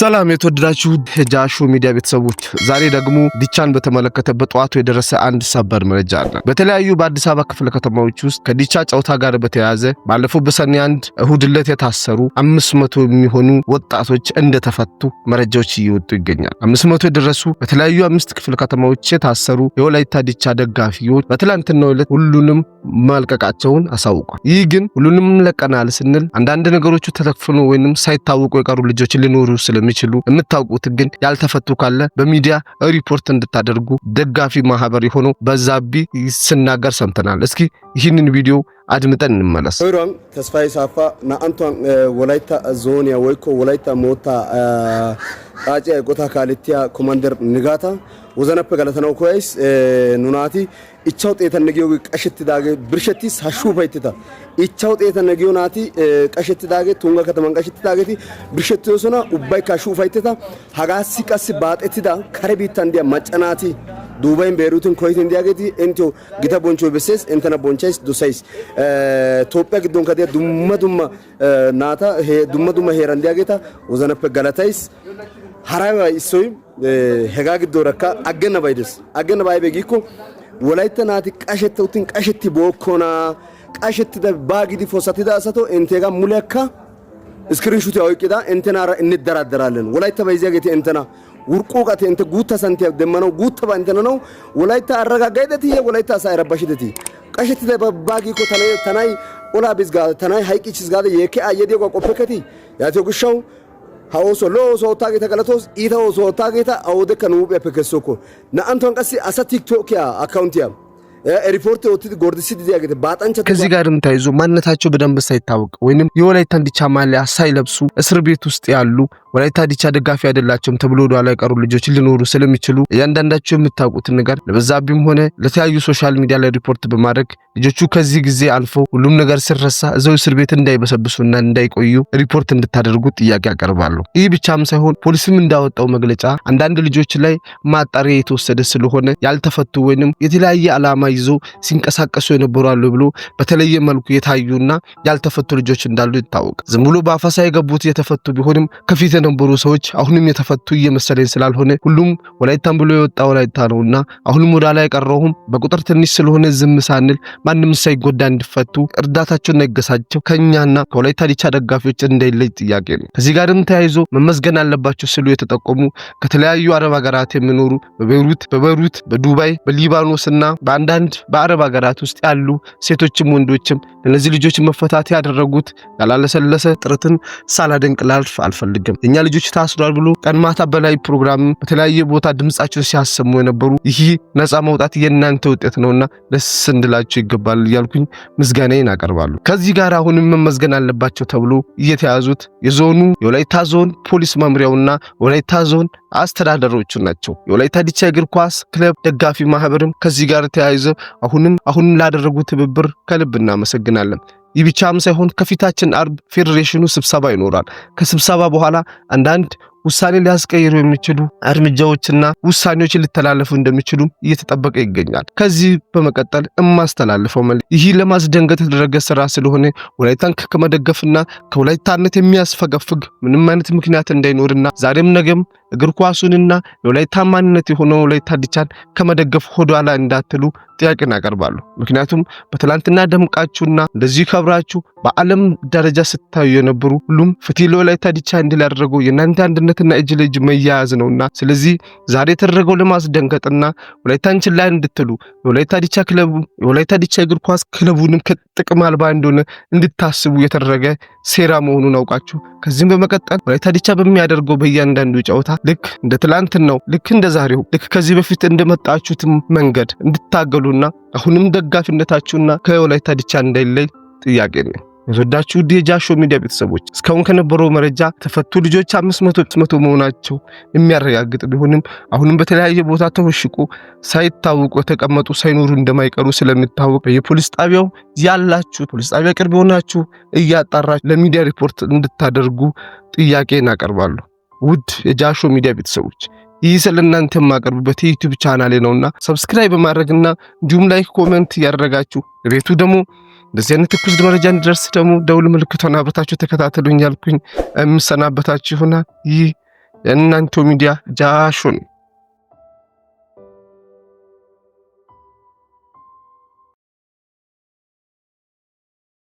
ሰላም የተወደዳችሁ ጃሹ ሚዲያ ቤተሰቦች፣ ዛሬ ደግሞ ዲቻን በተመለከተ በጠዋቱ የደረሰ አንድ ሰበር መረጃ አለ። በተለያዩ በአዲስ አበባ ክፍለ ከተማዎች ውስጥ ከዲቻ ጨውታ ጋር በተያያዘ ባለፈው በሰኔ አንድ እሁድ ዕለት የታሰሩ መቶ የሚሆኑ ወጣቶች እንደተፈቱ መረጃዎች እየወጡ ይገኛል። መቶ የደረሱ በተለያዩ አምስት ክፍለ ከተማዎች የታሰሩ የወላይታ ዲቻ ደጋፊዎች በትላንትናው ዕለት ሁሉንም መልቀቃቸውን አሳውቋል። ይህ ግን ሁሉንም ለቀናል ስንል አንዳንድ ነገሮቹ ተተክፍኖ ወይንም ሳይታወቁ የቀሩ ልጆች ሊኖሩ ስለ እንደሚችሉ የምታውቁት ግን ያልተፈቱ ካለ በሚዲያ ሪፖርት እንድታደርጉ ደጋፊ ማህበር የሆነው በዛቢ ስናገር ሰምተናል። እስኪ ይህንን ቪዲዮ አድምጠን እንመለስ። ሮም ተስፋዬ ሳፋ ናአንቷን ወላይታ ዞንያ ወይኮ ወላይታ ሞታ ጣጭ ቆታ ካልቲያ ኮማንደር ንጋታ ወዘነፐ ገለተነው ኮይስ ኑናቲ ኢቻው ጤተ ቀሽት ዳገ ብርሸቲስ ሀሹ ፈይትታ ኢቻው ጤተ ንጊዮ ናቲ ቀሽት ዳገ ቱንጋ ከተማን ብርሸቲ ብርሸቲዮሶና ኡባይ ካሹ ፈይትታ ሀጋሲ ቀስ ባጤትዳ ከረ ቢታን ዲያ መጨናቲ ዱባይን ቤሩትን ኮይት እንዲያገቲ እንቲዮ ጊታ ቦንቾ በሰስ እንተና ቦንቻይስ ዱሳይስ ኢትዮጵያ ጊዶን ከዲያ ዱመ ዱመ ናታ ሄ ዱመ ዱመ ሄራ እንዲያገታ ወዘነፈ ገላታይስ ሀራባ ይሶይ ሄጋ ጊዶ ረካ አገነ ባይደስ አገነ ባይ በጊኮ ወላይተ ናቲ ቀሸተውትን ቀሸቲ ቦኮና ቀሸትደ ባጊዲ ፎሳቲዳ አሰቶ እንቴጋ ሙለካ ስክሪንሹት ያውቂዳ እንተና እንደራደራለን ወላይተ ባይዚያገቲ እንተና ውርቁ ቃ ቴንተ ጉታ ሰንቲ ደመነው ጉታ ባንተነ ነው ወላይታ አረጋጋይደት ይሄ ወላይታ ሳይረባሽደት ቀሽት ደባባጊ ኮ ተናይ ተናይ ኦላ ቢዝጋ ተናይ ሃይቂችስ ጋር የከ አየዲ ቆ ቆፈከቲ ያቴው ግሻው ሀወሶ ሎሶ ወታጌ ተቀለቶስ ኢተው ሶ ወታጌታ አውደ ከኑ ቢያፈ ከሶኮ ናአንቶን ቀሲ አሳ ቲክቶኪያ አካውንቲያ ሪፖርት ወጥቶ ጎርድሲ ዲያገተ ባጣንቸ ከዚህ ጋር ተይዞ ማንነታቸው በደንብ ሳይታወቅ ወይንም የወላይታን ዲቻ ማሊያ ሳይለብሱ እስር ቤት ውስጥ ያሉ ወላይታ ዲቻ ደጋፊ አይደላቸውም ተብሎ ወደኋላ የቀሩ ልጆች ሊኖሩ ስለሚችሉ እያንዳንዳቸው የምታውቁትን ነገር ለበዛቢም ሆነ ለተለያዩ ሶሻል ሚዲያ ላይ ሪፖርት በማድረግ ልጆቹ ከዚህ ጊዜ አልፎ ሁሉም ነገር ሲረሳ እዛው እስር ቤት እንዳይበሰብሱና እንዳይቆዩ ሪፖርት እንድታደርጉ ጥያቄ ያቀርባሉ። ይህ ብቻም ሳይሆን ፖሊስም እንዳወጣው መግለጫ አንዳንድ ልጆች ላይ ማጣሪያ የተወሰደ ስለሆነ ያልተፈቱ ወይንም የተለያየ ዓላማ ይዞ ሲንቀሳቀሱ የነበሩ አሉ ብሎ በተለየ መልኩ የታዩና ያልተፈቱ ልጆች እንዳሉ ይታወቅ። ዝም ብሎ በአፈሳ የገቡት የተፈቱ ቢሆንም ከፊት የነበሩ ሰዎች አሁንም የተፈቱ እየመሰለኝ ስላልሆነ ሁሉም ወላይታን ብሎ የወጣ ወላይታ እና አሁንም ወደ ላይ ቀረሁም በቁጥር ትንሽ ስለሆነ ዝም ሳንል ማንም ሳይጎዳ እንዲፈቱ እርዳታቸውን ነገሳቸው ከኛና ከወላይታ ዲቻ ደጋፊዎች እንዳይለይ ጥያቄ ነው። ከዚህ ጋርም ተያይዞ መመዝገን አለባቸው ስሉ የተጠቆሙ ከተለያዩ አረብ ሀገራት የሚኖሩ በቤሩት በበሩት በዱባይ በሊባኖስና በአንዳንድ በአረብ ሀገራት ውስጥ ያሉ ሴቶችም ወንዶችም ለነዚህ ልጆች መፈታት ያደረጉት ያላለሰለሰ ጥረትን ሳላደንቅ ላልፍ አልፈልግም። የእኛ ልጆች ታስሯል ብሎ ቀን ማታ በላይ ፕሮግራም በተለያየ ቦታ ድምጻቸው ሲያሰሙ የነበሩ ይህ ነፃ መውጣት የእናንተ ውጤት ነውና ደስ እንድላቸው ይገባል እያልኩኝ ምስጋናዬን አቀርባሉ። ከዚህ ጋር አሁንም መመዝገን አለባቸው ተብሎ እየተያዙት የዞኑ የወላይታ ዞን ፖሊስ መምሪያውና የወላይታ ዞን አስተዳደሮቹ ናቸው። የወላይታ ዲቻ እግር ኳስ ክለብ ደጋፊ ማህበርም ከዚህ ጋር ተያይዘ አሁንም አሁን ላደረጉ ትብብር ከልብ እናመሰግናለን። ይህ ብቻም ሳይሆን ከፊታችን አርብ ፌዴሬሽኑ ስብሰባ ይኖራል። ከስብሰባ በኋላ አንዳንድ ውሳኔ ሊያስቀይሩ የሚችሉ እርምጃዎችና ውሳኔዎች ሊተላለፉ እንደሚችሉ እየተጠበቀ ይገኛል። ከዚህ በመቀጠል የማስተላልፈው መልእክት ይህ ለማስደንገጥ የተደረገ ስራ ስለሆነ ወላይታን ከመደገፍና ከወላይታነት የሚያስፈገፍግ ምንም አይነት ምክንያት እንዳይኖርና ዛሬም ነገም እግር ኳሱንና የወላይታ ማንነት የሆነው ወላይታ ዲቻን ከመደገፍ ወደኋላ እንዳትሉ ጥያቄን አቀርባለሁ። ምክንያቱም በትላንትና ደምቃችሁና እንደዚህ ከብራችሁ በዓለም ደረጃ ስታዩ የነበሩ ሁሉም ፍትህ ለወላይታ ዲቻ እንዲል ያደረገው የእናንተ አንድነትና እጅ ለእጅ መያያዝ ነውና፣ ስለዚህ ዛሬ የተደረገው ለማስደንገጥና ወላይታን ችላ እንድትሉ የወላይታ ዲቻ ክለቡ የወላይታ ዲቻ እግር ኳስ ክለቡንም ከጥቅም አልባ እንደሆነ እንድታስቡ የተደረገ ሴራ መሆኑን አውቃችሁ ከዚህም በመቀጠል ወላይታ ዲቻ በሚያደርገው በእያንዳንዱ ጨዋታ ልክ እንደ ትላንትን ነው፣ ልክ እንደ ዛሬው፣ ልክ ከዚህ በፊት እንደመጣችሁትም መንገድ እንድታገሉና አሁንም ደጋፊነታችሁና ከወላይታ ድቻ እንዳይለይ ጥያቄ ነው። የወዳችሁ የጃሾ ሚዲያ ቤተሰቦች እስካሁን ከነበረው መረጃ ተፈቱ ልጆች አምስት መቶ መቶ መሆናቸው የሚያረጋግጥ ቢሆንም አሁንም በተለያየ ቦታ ተወሽቁ ሳይታወቁ የተቀመጡ ሳይኖሩ እንደማይቀሩ ስለሚታወቅ የፖሊስ ጣቢያው ያላችሁ ፖሊስ ጣቢያ ቅርብ የሆናችሁ እያጣራችሁ ለሚዲያ ሪፖርት እንድታደርጉ ጥያቄ እናቀርባለሁ። ውድ የጃሾ ሚዲያ ቤተሰቦች ይህ ስለ እናንተ የማቀርብበት የዩቲዩብ ቻናሌ ነውና ሰብስክራይብ ማድረግና እንዲሁም ላይክ ኮመንት እያደረጋችሁ ቤቱ ደግሞ እንደዚህ አይነት ትኩስ መረጃ እንዲደርስ ደግሞ ደውል ምልክቷን አብረታችሁ ተከታተሉኝ ያልኩኝ የምሰናበታችሁ ይሆናል። ይህ የእናንተው ሚዲያ ጃሾ ነው።